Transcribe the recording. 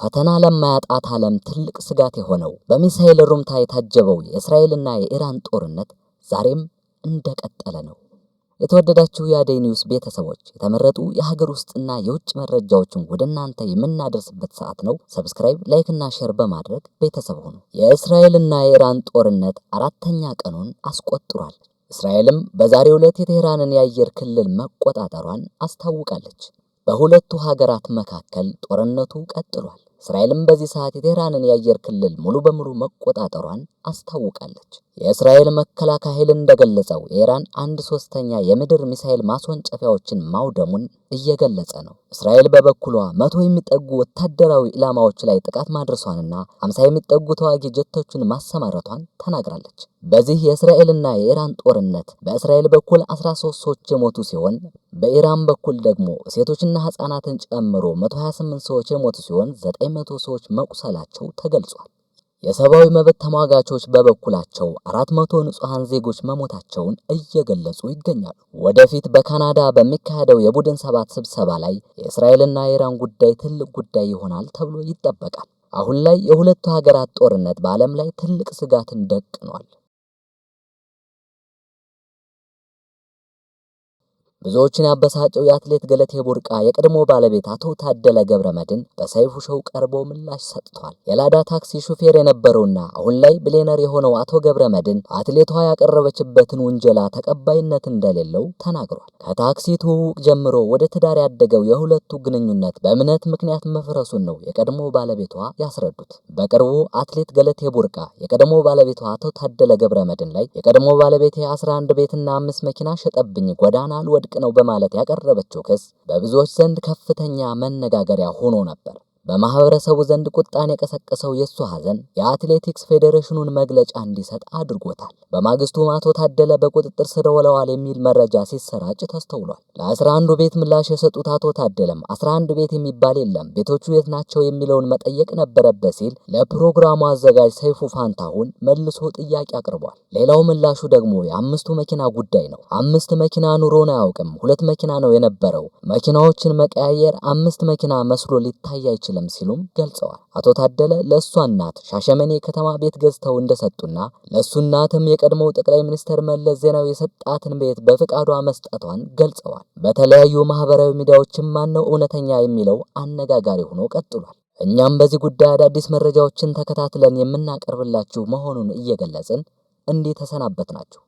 ፈተና ለማያጣት ዓለም ትልቅ ስጋት የሆነው በሚሳኤል ሩምታ የታጀበው የእስራኤልና የኢራን ጦርነት ዛሬም እንደቀጠለ ነው። የተወደዳችሁ የአደይ ኒውስ ቤተሰቦች የተመረጡ የሀገር ውስጥና የውጭ መረጃዎችን ወደ እናንተ የምናደርስበት ሰዓት ነው። ሰብስክራይብ፣ ላይክና ሼር በማድረግ ቤተሰብ ሁኑ። የእስራኤልና የኢራን ጦርነት አራተኛ ቀኑን አስቆጥሯል። እስራኤልም በዛሬው ዕለት የቴህራንን የአየር ክልል መቆጣጠሯን አስታውቃለች። በሁለቱ ሀገራት መካከል ጦርነቱ ቀጥሏል። እስራኤልም በዚህ ሰዓት የቴህራንን የአየር ክልል ሙሉ በሙሉ መቆጣጠሯን አስታውቃለች። የእስራኤል መከላከያ ኃይል እንደገለጸው የኢራን አንድ ሶስተኛ የምድር ሚሳኤል ማስወንጨፊያዎችን ማውደሙን እየገለጸ ነው። እስራኤል በበኩሏ መቶ የሚጠጉ ወታደራዊ ኢላማዎች ላይ ጥቃት ማድረሷንና አምሳ የሚጠጉ ተዋጊ ጀቶችን ማሰማረቷን ተናግራለች። በዚህ የእስራኤልና የኢራን ጦርነት በእስራኤል በኩል 13 ሰዎች የሞቱ ሲሆን በኢራን በኩል ደግሞ ሴቶችና ህፃናትን ጨምሮ 128 ሰዎች የሞቱ ሲሆን 900 ሰዎች መቁሰላቸው ተገልጿል። የሰብአዊ መብት ተሟጋቾች በበኩላቸው 400 ንጹሐን ዜጎች መሞታቸውን እየገለጹ ይገኛሉ። ወደፊት በካናዳ በሚካሄደው የቡድን ሰባት ስብሰባ ላይ የእስራኤልና የኢራን ጉዳይ ትልቅ ጉዳይ ይሆናል ተብሎ ይጠበቃል። አሁን ላይ የሁለቱ ሀገራት ጦርነት በዓለም ላይ ትልቅ ስጋትን ደቅኗል። ብዙዎችን ያበሳጨው የአትሌት ገለቴ ቡርቃ የቀድሞ ባለቤት አቶ ታደለ ገብረ መድን በሰይፉ ሸው ቀርቦ ምላሽ ሰጥቷል። የላዳ ታክሲ ሹፌር የነበረውና አሁን ላይ ብሌነር የሆነው አቶ ገብረ መድን አትሌቷ ያቀረበችበትን ውንጀላ ተቀባይነት እንደሌለው ተናግሯል። ከታክሲ ትውውቅ ጀምሮ ወደ ትዳር ያደገው የሁለቱ ግንኙነት በእምነት ምክንያት መፍረሱን ነው የቀድሞ ባለቤቷ ያስረዱት። በቅርቡ አትሌት ገለቴ ቡርቃ የቀድሞ ባለቤቷ አቶ ታደለ ገብረ መድን ላይ የቀድሞ ባለቤቴ 11 ቤትና አምስት መኪና ሸጠብኝ፣ ጎዳና አልወድ ነው በማለት ያቀረበችው ክስ በብዙዎች ዘንድ ከፍተኛ መነጋገሪያ ሆኖ ነበር። በማህበረሰቡ ዘንድ ቁጣን የቀሰቀሰው የእሱ ሐዘን የአትሌቲክስ ፌዴሬሽኑን መግለጫ እንዲሰጥ አድርጎታል። በማግስቱም አቶ ታደለ በቁጥጥር ስር ውለዋል የሚል መረጃ ሲሰራጭ ተስተውሏል። ለአስራ አንዱ ቤት ምላሽ የሰጡት አቶ ታደለም አስራ አንድ ቤት የሚባል የለም ቤቶቹ የት ናቸው የሚለውን መጠየቅ ነበረበት ሲል ለፕሮግራሙ አዘጋጅ ሰይፉ ፋንታሁን መልሶ ጥያቄ አቅርቧል። ሌላው ምላሹ ደግሞ የአምስቱ መኪና ጉዳይ ነው። አምስት መኪና ኑሮን አያውቅም። ሁለት መኪና ነው የነበረው። መኪናዎችን መቀያየር አምስት መኪና መስሎ ሊታይ አይችልም አልችልም ሲሉም ገልጸዋል። አቶ ታደለ ለእሷ እናት ሻሸመኔ ከተማ ቤት ገዝተው እንደሰጡና ለእሱ እናትም የቀድሞው ጠቅላይ ሚኒስትር መለስ ዜናዊ የሰጣትን ቤት በፍቃዷ መስጠቷን ገልጸዋል። በተለያዩ ማህበራዊ ሚዲያዎችም ማነው እውነተኛ የሚለው አነጋጋሪ ሆኖ ቀጥሏል። እኛም በዚህ ጉዳይ አዳዲስ መረጃዎችን ተከታትለን የምናቀርብላችሁ መሆኑን እየገለጽን እንዲህ ተሰናበት ናችሁ።